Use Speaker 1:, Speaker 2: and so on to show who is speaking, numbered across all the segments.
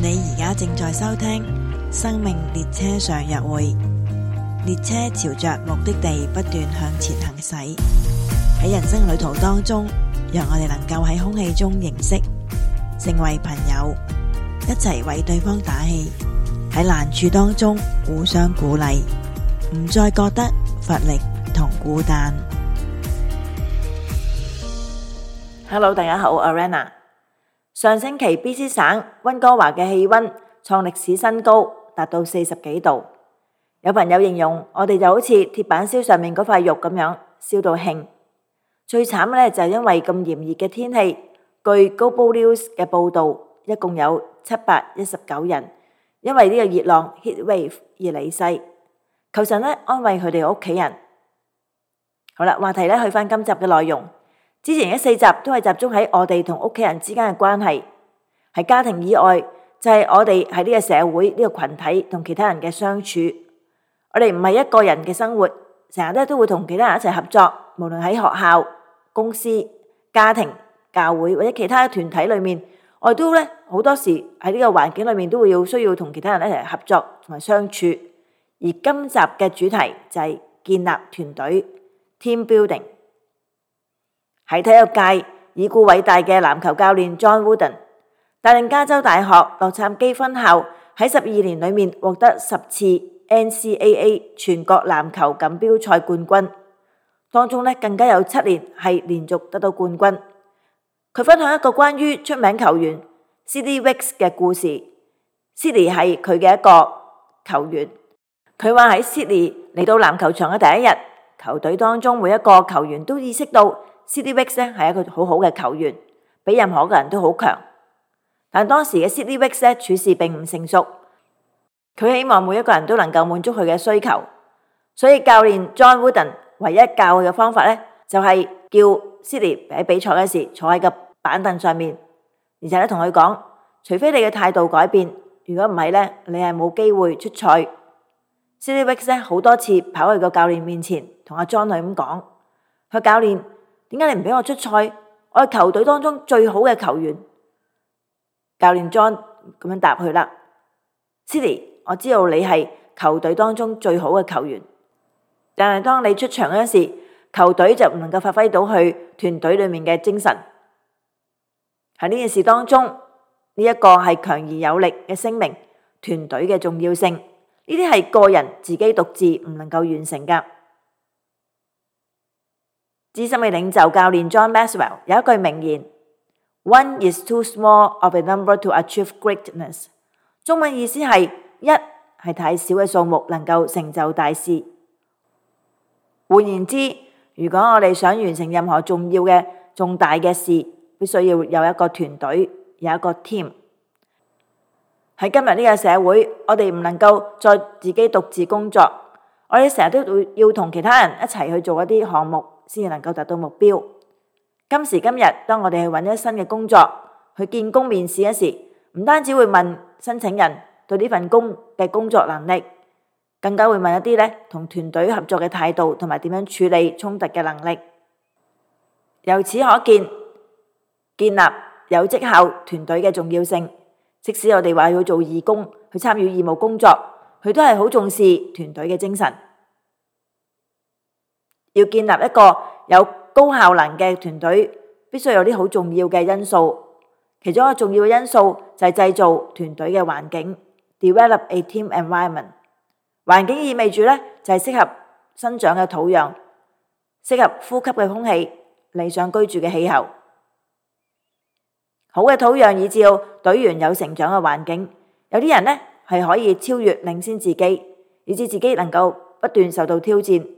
Speaker 1: 你而家正在收聽《生命列車上約會》，列車朝着目的地不斷向前行駛。喺人生旅途當中，讓我哋能夠喺空氣中認識，成為朋友，一齊為對方打氣。喺難處當中互相鼓勵，唔再覺得乏力同孤單。Hello，大家好，Rana。上星期 BC 省溫哥華嘅氣溫創歷史新高，達到四十幾度。有朋友形容我哋就好似鐵板燒上面嗰塊肉咁樣，燒到興。最慘嘅呢，就係因為咁炎熱嘅天氣，據 Global News 嘅報道，一共有七百一十九人因為呢個熱浪 heat wave 而離世。求神呢安慰佢哋屋企人。好啦，話題呢，去返今集嘅內容。之前嘅四集都係集中喺我哋同屋企人之間嘅關係，係家庭以外，就係我哋喺呢個社會呢個群體同其他人嘅相處。我哋唔係一個人嘅生活，成日咧都會同其他人一齊合作，無論喺學校、公司、家庭、教會或者其他團體裏面，我哋都咧好多時喺呢個環境裏面都會要需要同其他人一齊合作同埋相處。而今集嘅主題就係建立團隊 （Team Building）。喺體育界，已故偉大嘅籃球教練 John Wooden 帶領加州大學洛杉磯分校喺十二年裏面獲得十次 NCAA 全國籃球錦標賽冠軍，當中呢更加有七年係連續得到冠軍。佢分享一個關於出名球員 Sidney Wicks 嘅故事。Sidney 係佢嘅一個球員，佢話喺 Sidney 嚟到籃球場嘅第一日，球隊當中每一個球員都意識到。Sidney Wicks 咧係一個好好嘅球員，比任何一個人都好強。但當時嘅 Sidney Wicks 咧處事並唔成熟，佢希望每一個人都能夠滿足佢嘅需求。所以教練 John Wooden 唯一教佢嘅方法咧，就係叫 Sidney 喺比賽嘅時坐喺個板凳上面，而且咧同佢講，除非你嘅態度改變，如果唔係咧，你係冇機會出賽。Sidney Wicks 咧好多次跑去個教練面前，同阿 John 女咁講：，佢教練。點解你唔俾我出賽？我係球隊當中最好嘅球員。教練 John 咁樣答佢啦。Sidney，我知道你係球隊當中最好嘅球員，但係當你出場嗰時，球隊就唔能夠發揮到去團隊裏面嘅精神。喺呢件事當中，呢一個係強而有力嘅聲明，團隊嘅重要性，呢啲係個人自己獨自唔能夠完成噶。資深嘅領袖教練 John Maxwell 有一句名言：One is too small of a number to achieve greatness。中文意思係一係太少嘅數目能夠成就大事。換言之，如果我哋想完成任何重要嘅重大嘅事，必須要有一個團隊，有一個 team。喺今日呢個社會，我哋唔能夠再自己獨自工作，我哋成日都會要同其他人一齊去做一啲項目。先能夠達到目標。今時今日，當我哋去揾一新嘅工作去見工面試嘅時，唔單止會問申請人對呢份工嘅工作能力，更加會問一啲呢同團隊合作嘅態度，同埋點樣處理衝突嘅能力。由此可見，建立有績效團隊嘅重要性。即使我哋話要做義工，去參與義務工作，佢都係好重視團隊嘅精神。要建立一個有高效能嘅團隊，必須有啲好重要嘅因素。其中一個重要嘅因素就係製造團隊嘅環境，develop a team environment。環境意味住呢就係適合生長嘅土壤，適合呼吸嘅空氣，理想居住嘅氣候。好嘅土壤以至隊員有成長嘅環境，有啲人呢係可以超越領先自己，以致自己能夠不斷受到挑戰。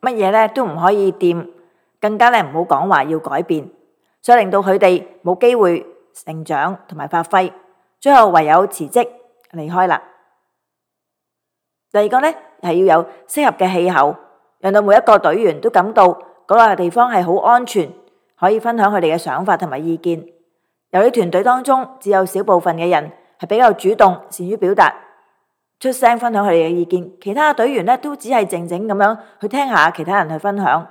Speaker 1: 乜嘢咧都唔可以掂，更加咧唔好講話要改變，所以令到佢哋冇機會成長同埋發揮，最後唯有辭職離開啦。第二個咧係要有適合嘅氣候，讓到每一個隊員都感到嗰個地方係好安全，可以分享佢哋嘅想法同埋意見。由於團隊當中只有少部分嘅人係比較主動，善於表達。出聲分享佢哋嘅意見，其他隊員咧都只係靜靜咁樣去聽下其他人去分享。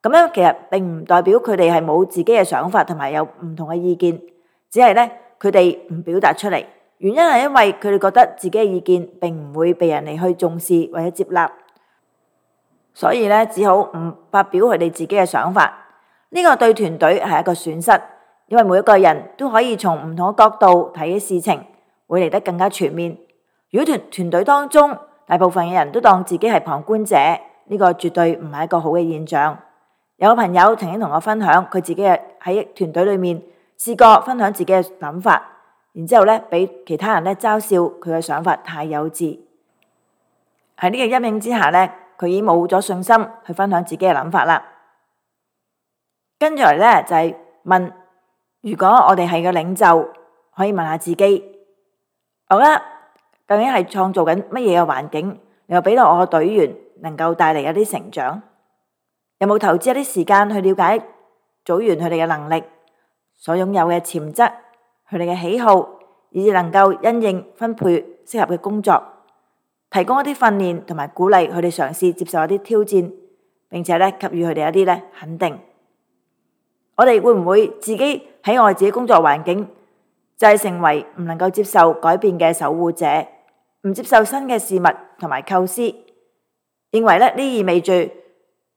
Speaker 1: 咁樣其實並唔代表佢哋係冇自己嘅想法，同埋有唔同嘅意見，只係咧佢哋唔表達出嚟。原因係因為佢哋覺得自己嘅意見並唔會被人哋去重視或者接納，所以咧只好唔發表佢哋自己嘅想法。呢個對團隊係一個損失，因為每一個人都可以從唔同嘅角度睇嘅事情，會嚟得更加全面。如果團團隊當中大部分，嘅人都當自己係旁觀者，呢個絕對唔係一個好嘅現象。有個朋友曾經同我分享，佢自己嘅喺團隊裏面試過分享自己嘅諗法，然之後咧俾其他人咧嘲笑佢嘅想法太幼稚。喺呢個陰影之下咧，佢已經冇咗信心去分享自己嘅諗法啦。跟住嚟咧就係問：如果我哋係個領袖，可以問下自己，好啦。」究竟係創造緊乜嘢嘅環境，又俾到我嘅隊員能夠帶嚟一啲成長？有冇投資一啲時間去了解組員佢哋嘅能力、所擁有嘅潛質、佢哋嘅喜好，以至能夠因應分配適合嘅工作，提供一啲訓練同埋鼓勵佢哋嘗試接受一啲挑戰，並且咧給予佢哋一啲咧肯定。我哋會唔會自己喺我哋自己工作環境，就係成為唔能夠接受改變嘅守護者？唔接受新嘅事物同埋構思，認為咧呢意味住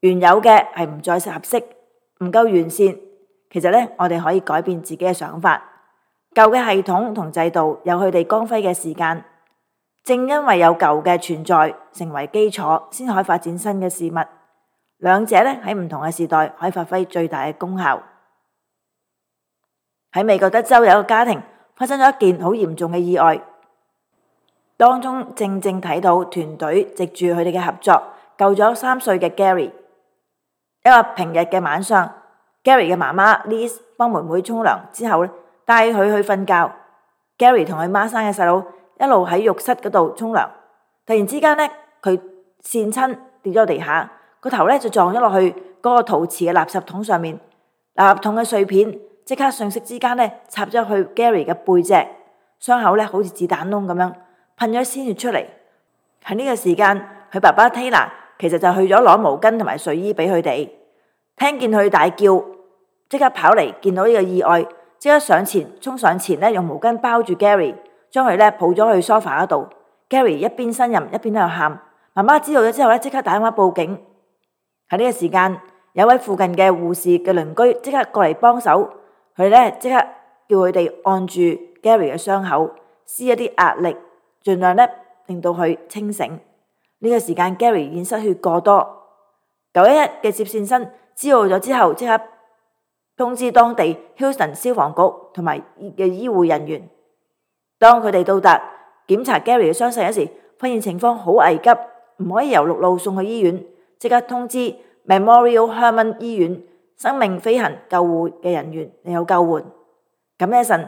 Speaker 1: 原有嘅係唔再合適，唔夠完善。其實咧，我哋可以改變自己嘅想法。舊嘅系統同制度有佢哋光輝嘅時間，正因為有舊嘅存在成為基礎，先可以發展新嘅事物。兩者咧喺唔同嘅時代，可以發揮最大嘅功效。喺美國德州有一個家庭發生咗一件好嚴重嘅意外。當中正正睇到團隊藉住佢哋嘅合作救咗三歲嘅 Gary。一個平日嘅晚上，Gary 嘅媽媽 Liz 幫妹妹沖涼之後咧，帶佢去瞓覺。Gary 同佢孖生嘅細佬一路喺浴室嗰度沖涼，突然之間咧，佢跣親跌咗地下，個頭咧就撞咗落去嗰個陶瓷嘅垃圾桶上面，垃圾桶嘅碎片即刻瞬息之間咧插咗去 Gary 嘅背脊，傷口咧好似子彈窿咁樣。噴咗鮮血出嚟喺呢個時間，佢爸爸 Tyler 其實就去咗攞毛巾同埋睡衣俾佢哋。聽見佢大叫，即刻跑嚟見到呢個意外，即刻上前衝上前咧，用毛巾包住 Gary，將佢咧抱咗去 sofa 嗰度。Gary 一邊呻吟一邊喺度喊，媽媽知道咗之後咧，即刻打電話報警。喺呢個時間，有位附近嘅護士嘅鄰居即刻過嚟幫手，佢咧即刻叫佢哋按住 Gary 嘅傷口，施一啲壓力。盡量令到佢清醒。呢、這個時間 Gary 已失血過多。九一一嘅接線生知道咗之後，即刻通知當地 Houston 消防局同埋嘅醫護人員。當佢哋到達檢查 Gary 嘅傷勢時，發現情況好危急，唔可以由陸路送去醫院，即刻通知 Memorial Hermann 醫院生命飛行救護嘅人員嚟做救援。咁一陣。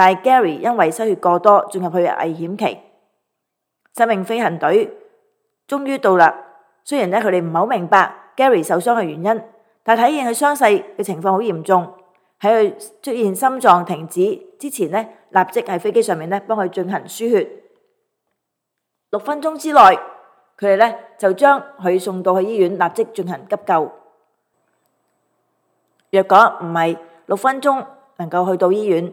Speaker 1: 但係 Gary 因為失血過多進入去危險期，生命飛行隊終於到啦。雖然咧佢哋唔係好明白 Gary 受傷嘅原因，但係睇見佢傷勢嘅情況好嚴重，喺佢出現心臟停止之前呢，立即喺飛機上面咧幫佢進行輸血。六分鐘之內，佢哋咧就將佢送到去醫院，立即進行急救。若果唔係六分鐘能夠去到醫院。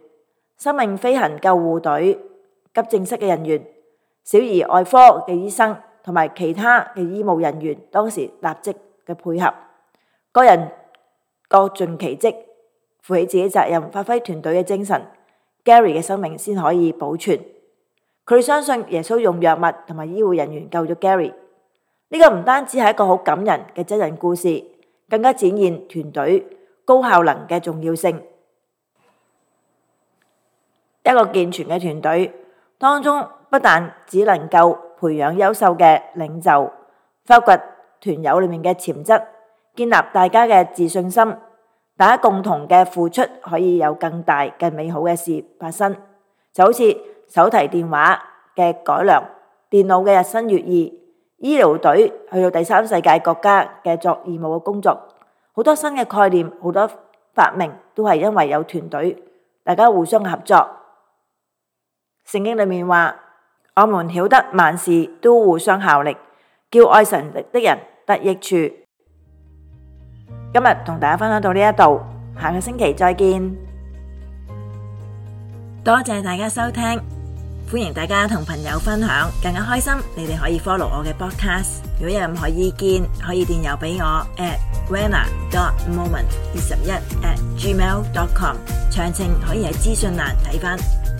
Speaker 1: 生命飛行救護隊、急症室嘅人員、小兒外科嘅醫生同埋其他嘅醫務人員，當時立即嘅配合，各人各盡其職，負起自己責任，發揮團隊嘅精神，Gary 嘅生命先可以保存。佢哋相信耶穌用藥物同埋醫護人員救咗 Gary。呢個唔單止係一個好感人嘅真人故事，更加展現團隊高效能嘅重要性。一個健全嘅團隊當中，不但只能夠培養優秀嘅領袖，發掘團友裏面嘅潛質，建立大家嘅自信心，大家共同嘅付出可以有更大、更美好嘅事發生。就好似手提電話嘅改良、電腦嘅日新月異、醫療隊去到第三世界國家嘅作義務嘅工作，好多新嘅概念、好多發明都係因為有團隊，大家互相合作。聖經裏面話，我們曉得萬事都互相效力，叫愛神力的人得益處。今日同大家分享到呢一度，下個星期再見。多謝大家收聽，歡迎大家同朋友分享，更加開心。你哋可以 follow 我嘅 podcast，如果有任何意見，可以電郵俾我 at rana dot moment 二十一 at gmail dot com，詳情可以喺資訊欄睇返。